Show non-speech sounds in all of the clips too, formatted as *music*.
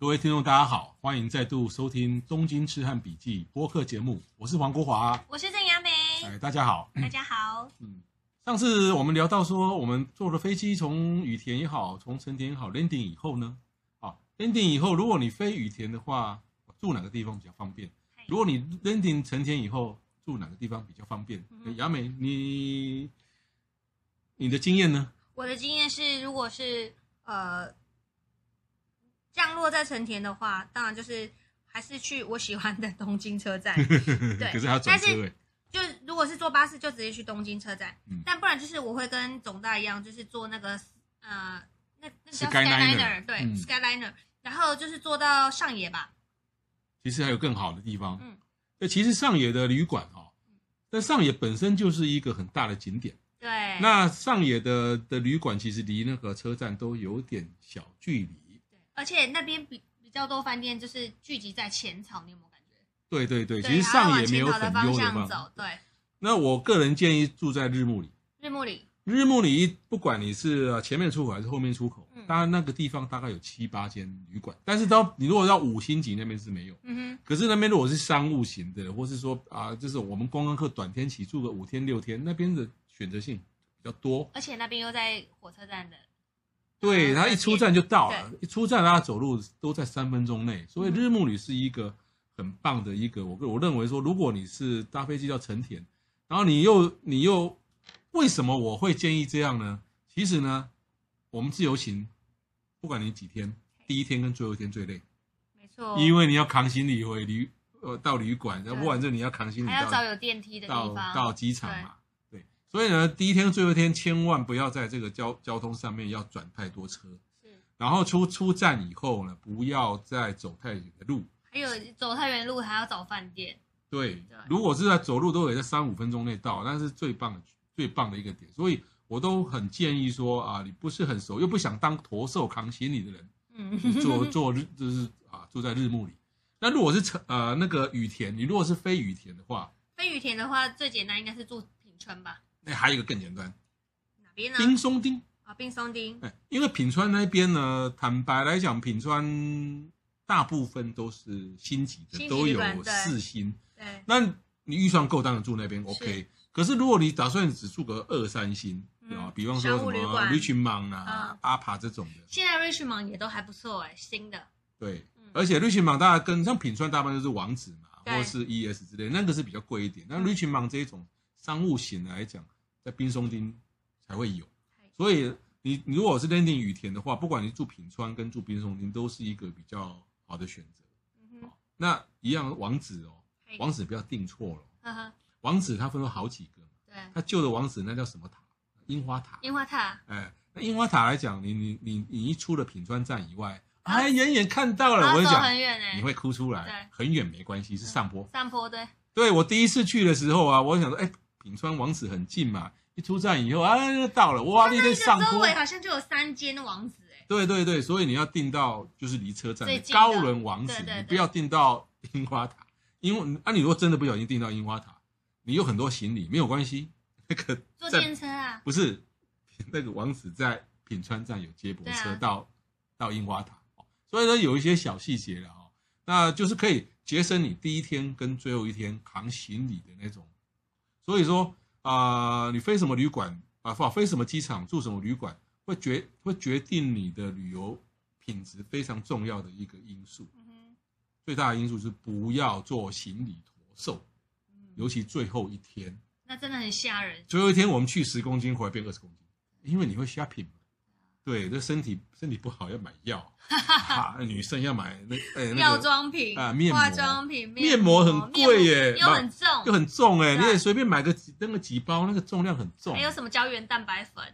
各位聽眾，大家好，歡迎再度收聽《東京痴漢筆記》播客節目，我是黃國華，我是鄭雅美，大家好，大家好。嗯，上次我們聊到說，我們坐了飛機從羽田也好，從成田也好，landing 以後呢，好，landing 以後，如果你飛羽田的話，住哪個地方比較方便？Hey. 如果你 landing 成田以後住哪個地方比較方便？嗯、哼雅美，你你的經驗呢？我的經驗是，如果是呃。降落在成田的話，當然就是還是去我喜歡的東京車站。 *laughs* 對，可是要坐車位。就如果是坐巴士，就直接去東京車站。嗯、但不然就是我會跟總大一樣，就是坐那個呃，那那個、叫 Skyliner，Skyliner，對、嗯、，Skyliner，然後就是坐到上野吧。其實還有更好的地方。嗯。那其實上野的旅館啊、哦，那上野本身就是一個很大的景點。對。那上野的的旅館其實離那個車站都有點小距離。而且那邊比比較多飯店，就是聚集在淺草，你有沒有感覺？對對對，其實上野沒有很優的方向走對。那我個人建議住在日暮里。日暮里，日暮里不管你是前面出口還是後面出口，當然、嗯、那個地方大概有七八間旅館。嗯、但是到你如果到五星級，那邊是沒有。嗯哼。可是那邊如果是商務型的，或是說啊，就是我們觀光客短天期住個五天六天，那邊的選擇性比較多。而且那邊又在火車站的。對、嗯、他一出站就到了，對一出站他走路都在三分鐘內，所以日暮里是一個很棒的一個。我我認為說，如果你是搭飛機到成田，然後你又你又為什麼我會建議這樣呢？其實呢，我們自由行，不管你幾天，第一天跟最後一天最累，沒錯，因為你要扛行李回旅呃到旅館，對然後不管是你要扛行李，還要找有電梯的地方到到機場嘛。所以呢，第一天最後一天千萬不要在這個交交通上面要轉太多車。是。然後出出站以後呢，不要再走太遠的路。還有走太遠路還要找飯店。對。對對，如果是在走路都得在三五分鐘內到，那是最棒的最棒的一個點。所以我都很建議說啊、呃，你不是很熟又不想當駝獸扛行李的人，嗯，住 *laughs* 坐，坐日就是啊，住在日暮里。那如果是呃那個羽田，你如果是飛羽田的話，飛羽田的話最簡單應該是住品川吧。那還有一個更簡單，哪邊呢？濱松町。啊，濱松町。因為品川那邊呢，坦白來講，品川大部分都是星級的，都有四星。那你預算夠，當然住那邊 OK。可是如果你打算只住個二三星啊，比方說什麼 Richmond 啊、阿帕這種的，現在 Richmond 也都還不錯哎，新的。對，而且 Richmond 大家跟像品川大部分都是王子嘛，或是 ES 之類，那個是比較貴一點。那 Richmond 這一種。商務型來講，在冰松町才會有，所以你，你如果是認定羽田的話，不管你住品川跟住冰松町，都是一個比較好的選擇。嗯、哼那一樣王子哦，以王子不要訂錯了，哦。嗯、哼王子他分了好幾個，對，他舊的王子那叫什麼塔？櫻花塔。櫻花塔。哎，欸，那櫻花塔來講，你你你你一出了品川站以外，哎，遠遠看到了，我就想，你會哭出來。對很遠沒關係，是上坡。嗯，上坡對。對我第一次去的時候啊，我想說，哎，欸。品川王子很近嘛，一出站以後啊就、哎、到了。哇，那邊周圍好像就有三間王子哎。對對對，所以你要訂到就是離車站的，最近的高輪王子，對對對你不要訂到櫻花塔，因為啊，你如果真的不小心訂到櫻花塔，你有很多行李沒有關係，那個坐電車啊，不是那個王子在品川站有接駁車到、啊、到櫻花塔，所以說有一些小細節了啊，那就是可以節省你第一天跟最後一天扛行李的那種。所以說啊、呃，你飛什麼旅館啊，放，飛什麼機場住什麼旅館，會決會決定你的旅遊品質，非常重要的一個因素。嗯、哼最大的因素是不要做行李駝獸，嗯、尤其最後一天。那真的很嚇人。最後一天我們去十公斤，回來變二十公斤，因為你會 shopping 嘛。對，這身體身體不好要買藥，哈哈哈，女生要買那呃，藥、欸那個、妝品啊，面膜，化妝品面膜，面膜很貴耶，又很，又很重，又很重哎，你也隨便買個扔、那個幾包，那個重量很重。還有什麼膠原蛋白粉，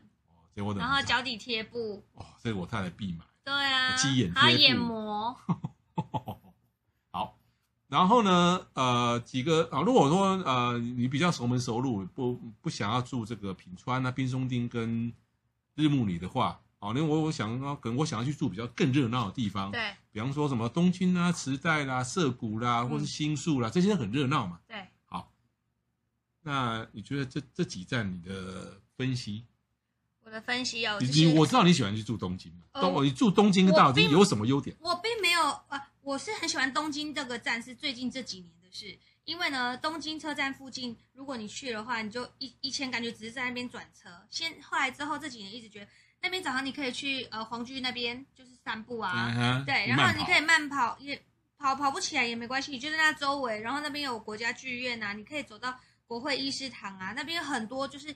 然後腳底貼布，哦，這個我太、哦這個、來必買。對啊，雞眼貼布哈，眼膜。 *laughs* 好，然後呢，呃，幾個啊、哦，如果說呃，你比較熟門熟路，不不想要住這個品川啊、濱松町跟日暮里的話。好，那我我想可能我想要去住比較更熱鬧的地方，對，比方說什麼東京啊、池袋啦、啊、澀谷啦、啊，或是新宿啦、啊，嗯、這些都很熱鬧嘛。對，好，那你覺得這這幾站你的分析？我的分析有、啊，我就是、你我知道你喜歡去住東京嘛？哦、呃，你住東京到底有什麼優點？我並，我並沒有啊，我是很喜歡東京這個站，是最近這幾年的事。因為呢，東京車站附近，如果你去的話，你就一以前感覺只是在那邊轉車，先後來之後這幾年一直覺得。那邊早上你可以去呃皇居那邊就是散步啊，uh、huh，對，然後你可以慢跑也跑跑，跑不起來也沒關係，你就在那周圍，然後那邊有國家劇院啊，你可以走到國會議事堂啊，那邊有很多就是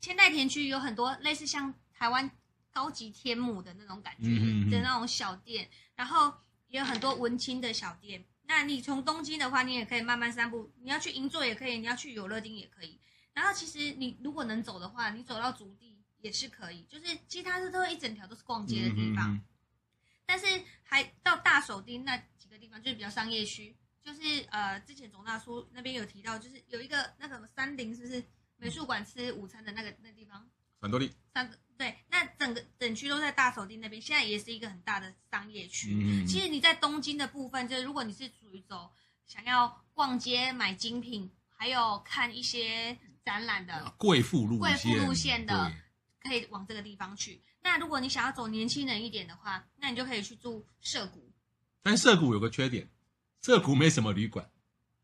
千代田區有很多類似像台灣高級天母的那種感覺嗯哼嗯哼的那種小店，然後也有很多文青的小店。那你從東京的話，你也可以慢慢散步，你要去銀座也可以，你要去有樂町也可以。然後其實你如果能走的話，你走到築地。也是可以，就是其他是都一整條都是逛街的地方，嗯、哼但是還到大手町那幾個地方，就是比較商業區，就是呃，之前總大叔那邊有提到，就是有一個那個什麼三林是不是美術館吃午餐的那個那個地方？很多例三多利三對，那整個整區都在大手町那邊，現在也是一個很大的商業區。嗯、哼其實你在東京的部分，就是如果你是屬於走，走想要逛街買精品，還有看一些展覽的貴婦、啊、路貴婦路線的。可以往這個地方去。那如果你想要走年輕人一點的話，那你就可以去住澀谷。但澀谷有個缺點，澀谷沒什麼旅館。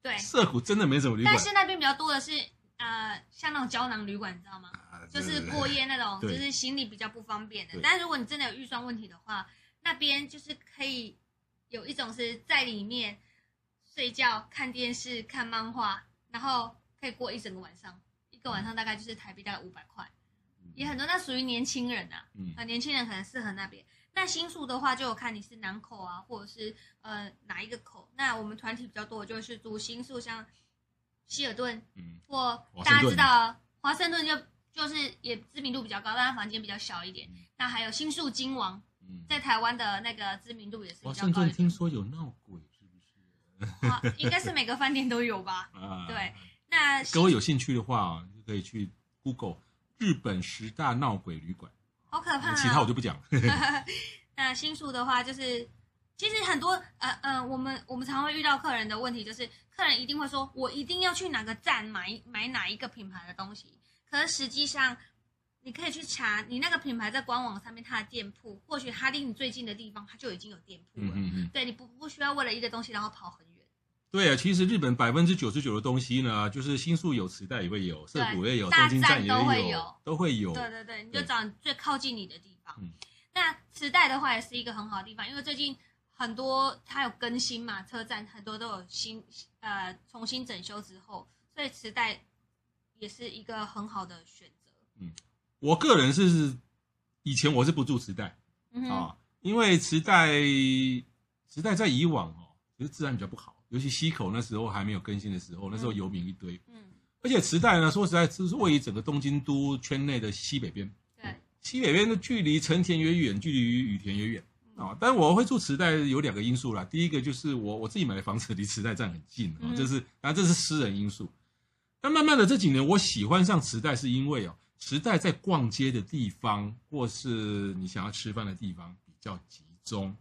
對，澀谷真的沒什麼旅館。但是那邊比較多的是，呃，像那種膠囊旅館，你知道嗎？啊、就是過夜那種，對就是行李比較不方便的。但如果你真的有預算問題的話，那邊就是可以有一種是在裡面睡覺、看電視、看漫畫，然後可以過一整個晚上，嗯、一個晚上大概就是台幣大概五百塊。也很多，那屬於年輕人啊，嗯，年輕人可能適合那邊。嗯、那新宿的話，就有看你是南口啊，或者是呃哪一個口。那我們團體比較多，就會去住新宿，像希爾頓，嗯，或大家知道華盛頓就就是也知名度比較高，但是房間比較小一點。嗯、那還有新宿京王，嗯、在台灣的那個知名度也是比較高。華盛頓聽說有鬧鬼，是不是？ *laughs* 啊、應該是每個飯店都有吧。啊、對，那各位有興趣的話，就可以去 Google。日本十大鬧鬼旅館，好可怕啊！其他我就不講了。 *laughs* 那新宿的話，就是其實很多呃呃，我們我們常會遇到客人的問題，就是客人一定會說，我一定要去哪個站買買哪一個品牌的東西。可是實際上，你可以去查你那個品牌在官網上面它的店鋪，或許它離你最近的地方，它就已經有店鋪了。嗯嗯，嗯，對，你不不需要為了一個東西然後跑很遠。對啊，其實日本百分之九十九的東西呢，就是新宿有，池袋也會有，澀谷也有，東京站也會有，都會有。都會有，對對對，你就找最靠近你的地方。對那池袋的話，也是一個很好的地方，嗯、因為最近很多它，有更新嘛，車站很多都有新，呃重新整修之後，所以池袋也是一個很好的選擇。嗯，我個人是，以前我是不住池袋啊、嗯哼哦，因為池袋池袋，在以往哦，其實治安比較不好。尤其西口那時候還沒有更新的時候，那時候遊民一堆。嗯，嗯而且池袋呢，說實在，是位於整個東京都圈內的西北邊。對，西北邊的距離成田也遠，距離羽田也遠啊、哦。但我會住池袋有兩個因素啦，第一個就是我我自己買的房子離池袋站很近，就、哦、是啊，這是私人因素。但慢慢的這幾年，我喜歡上池袋是因為哦，池袋在逛街的地方或是你想要吃飯的地方比較集中。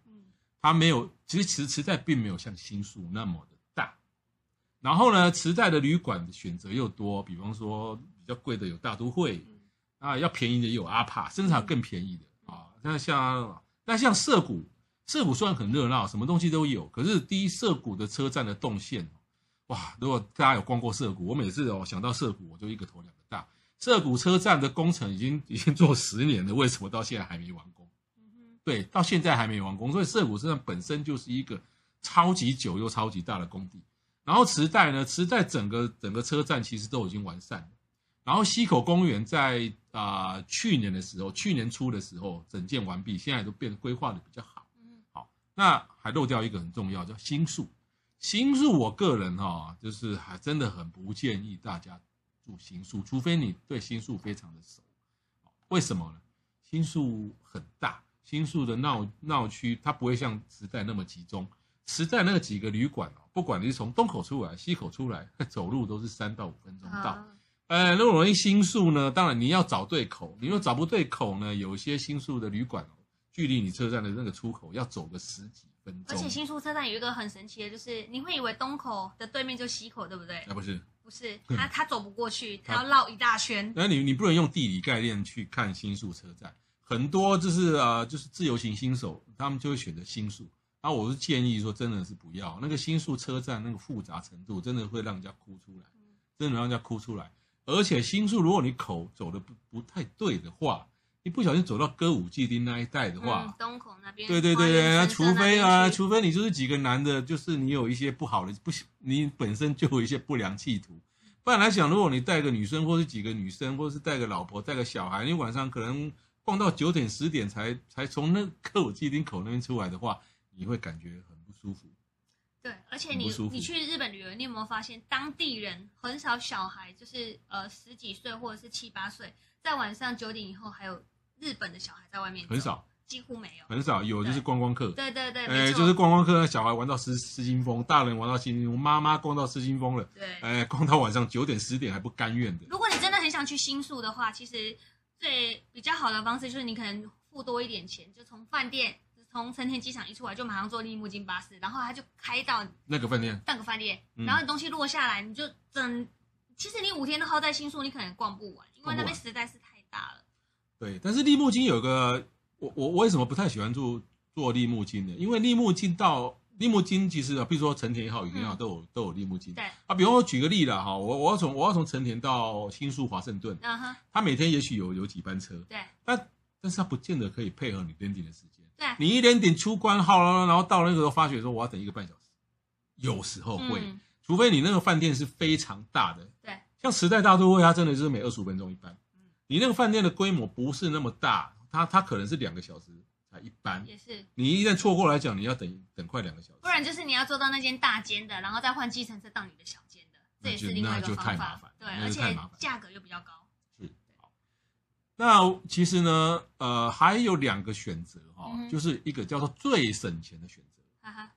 它沒有，其實池池袋並沒有像新宿那麼的大，然後呢，池袋的旅館的選擇又多，比方說比較貴的有大都會啊，要便宜的也有阿帕，甚至還有更便宜的啊。那、哦、像那像澀谷，澀谷雖然很熱鬧，什麼東西都有，可是第一澀谷的車站的動線，哇，如果大家有逛過澀谷，我每次哦想到澀谷，我就一個頭兩個大。澀谷車站的工程已經已經做十年了，為什麼到現在還沒完工？對，到現在還沒完工，所以澀谷車站本身就是一個超級久又超級大的工地。然後池袋呢，池袋整個整個車站其實都已經完善了。然後西口公園在啊、呃、去年的時候，去年初的時候整建完畢，現在都變得規劃的比較好。好，那還漏掉一個很重要，叫新宿。新宿，我個人哈、哦，就是還真的很不建議大家住新宿，除非你對新宿非常的熟。為什麼呢？新宿很大。新宿的鬧鬧區，它不會像時代那麼集中。時代那個幾個旅館哦，不管你是從東口出來、西口出來，走路都是三到五分鐘到。哎好，如果我一新宿呢，當然你要找對口，你若找不對口呢，有些新宿的旅館哦，距離你車站的那個出口要走個十幾分鐘。而且新宿車站有一個很神奇的，就是你會以為東口的對面就西口，對不對？啊，不是，不是，他他走不過去，他要繞一大圈。那你你不能用地理概念去看新宿車站。很多就是啊，就是自由行新手，他們就會選擇新宿。那我是建議說，真的是不要那個新宿車站那個複雜程度，真的會讓人家哭出來，真的讓人家哭出來。而且新宿如果你口走的不不太對的話，你不小心走到歌舞伎町那一帶的話，對、嗯、東口那邊、對對對，那除非啊，除非你就是幾個男的，就是你有一些不好的不，你本身就有一些不良企圖。不然來講，如果你帶個女生，或是幾個女生，或是帶個老婆，帶個小孩，你晚上可能。逛到九點十點才才從那個歌舞伎町口那邊出來的話，你會感覺很不舒服。對，而且你你去日本旅遊，你有沒有發現當地人很少小孩，就是呃十幾歲或者是七八歲，在晚上九點以後還有日本的小孩在外面很少，幾乎沒有，很少有就是觀光客。對,對對對，哎、欸，錯就是觀光客小孩玩到失失心瘋，大人玩到失心瘋，媽媽逛到失心瘋了。對、欸，逛到晚上九點十點還不甘願的。對如果你真的很想去新宿的話，其實。對，比較好的方式就是，你可能付多一點錢，就從飯店，從成田機場一出來就馬上坐利木津巴士，然後他就開到那個飯店，半個飯店，嗯、然後你東西落下來，你就整。其實你五天都耗在新宿，你可能逛不完，因為那邊實在是太大了。對，但是利木津有個，我我為什麼不太喜歡住坐利木津呢？因為利木津到。利木津其實啊，比如說成田也好，羽田也好，都有、嗯、都有利木津。對啊，比方我舉個例子哈，我我要從我要從成田到新宿華盛頓，嗯哼，他每天也許有有幾班車。對，但但是它不見得可以配合你點頂的時間。對，你一點點出關好，然後到那個時候發覺說，我要等一個半小時，有時候會，嗯、除非你那個飯店是非常大的。對，像時代大都會，它真的就是每二十五分鐘一班。嗯，你那個飯店的規模不是那麼大，它它可能是兩個小時。啊，一般也是。你一旦錯過來講，你要等等快兩個小時，不然就是你要坐到那間大間的，然後再換計程車到你的小間的，這也是另外一個方法。對，而且價格又比較高。是。好。那其實呢，呃，還有兩個選擇哈，就是一個叫做最省錢的選擇，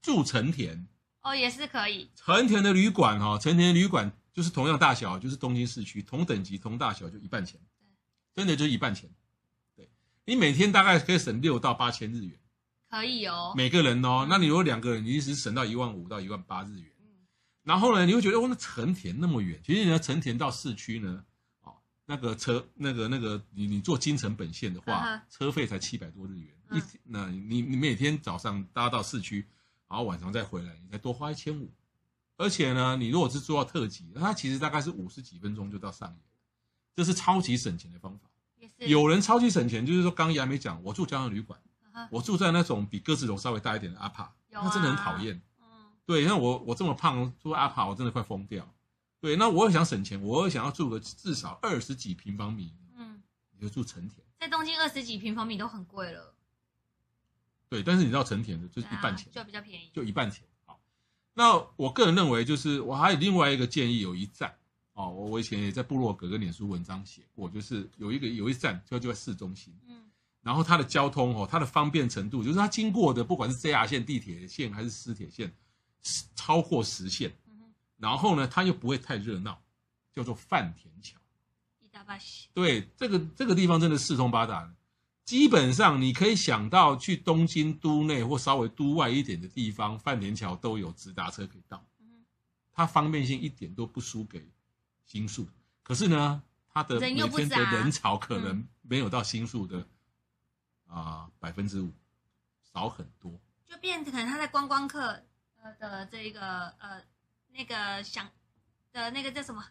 住成田哦，也是可以。成田的旅館哈，成田的旅館就是同樣大小，就是東京市區同等級同大小就一半錢，對，真的就一半錢。你每天大概可以省六到八千日元，可以哦。每個人哦，那你如果兩個人，你一直省到一萬五到一萬八日元。嗯、然後呢，你會覺得哦，那成田那麼遠，其實你要成田到市區呢，哦，那個車，那個那個，你你坐京成本線的話，呵呵車費才七百多日元。嗯、一天，那你你每天早上搭到市區，然後晚上再回來，你才多花一千五。而且呢，你如果是坐到特急，那它其實大概是五十幾分鐘就到上野，這是超級省錢的方法。是有人超級省錢，就是說剛剛還沒講，我住膠囊旅館，uh huh. 我住在那種比鴿子籠稍微大一點的阿帕、啊，那真的很討厭。嗯、對，那我我這麼胖住阿帕我真的快瘋掉。對，那我想省錢，我想要住個至少二十幾平方米。嗯，你就住成田，在東京二十幾平方米都很貴了。對，但是你知道成田的就是一半錢、啊、就比較便宜，就一半錢。好，那我個人認為就是我還有另外一個建議，有一站。哦，我、oh, 我以前也在部落格跟臉書文章寫過，就是有一個有一站，就就在市中心，嗯，然後它的交通哦，它的方便程度，就是它經過的，不管是 JR 線、地鐵線還是私鐵線，超過十線，嗯、哼然後呢，它又不會太熱鬧，叫做飯田橋，嗯、哼對，這個這個地方真的四通八達，基本上你可以想到去東京都內或稍微都外一點的地方，飯田橋都有直達車可以到，嗯、哼它方便性一點都不輸給。新宿，可是呢，他的每天的人潮可能沒有到新宿的啊百分之五，少很多。就變成可能他在觀光客呃的這個呃那個想的那個叫什麼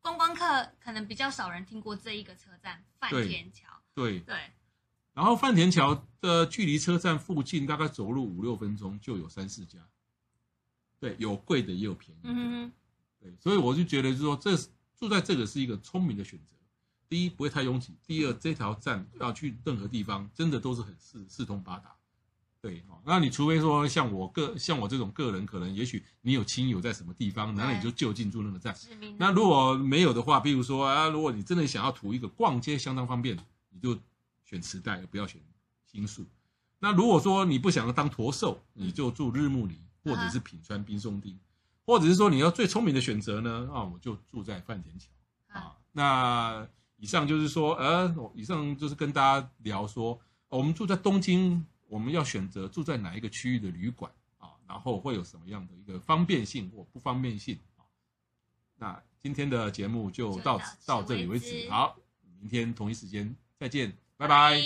觀光客，可能比較少人聽過這一個車站范田橋。對對。然後范田橋的距離車站附近，大概走路五六分鐘就有三四家，對，有貴的也有便宜。的。嗯對，所以我就覺得，是說，這住在這個是一個聰明的選擇。第一，不會太擁擠；第二，這條站要去任何地方，真的都是很四四通八達。對，那你除非說像我個像我這種個人，可能也許你有親友在什麼地方，那你就就近住那個站。對那如果沒有的話，比如說啊，如果你真的想要圖一個逛街相當方便，你就選池袋不要選新宿。那如果說你不想要當駝獸，你就住日暮里或者是品川濱松町。或者是說你要最聰明的選擇呢？我就住在飯田橋啊。那以上就是說，呃，以上就是跟大家聊說，我們住在東京，我們要選擇住在哪一個區域的旅館啊，然後會有什麼樣的一個方便性或不方便性啊。那今天的節目就到此，就到這裡為止，好，明天同一時間再見，拜拜。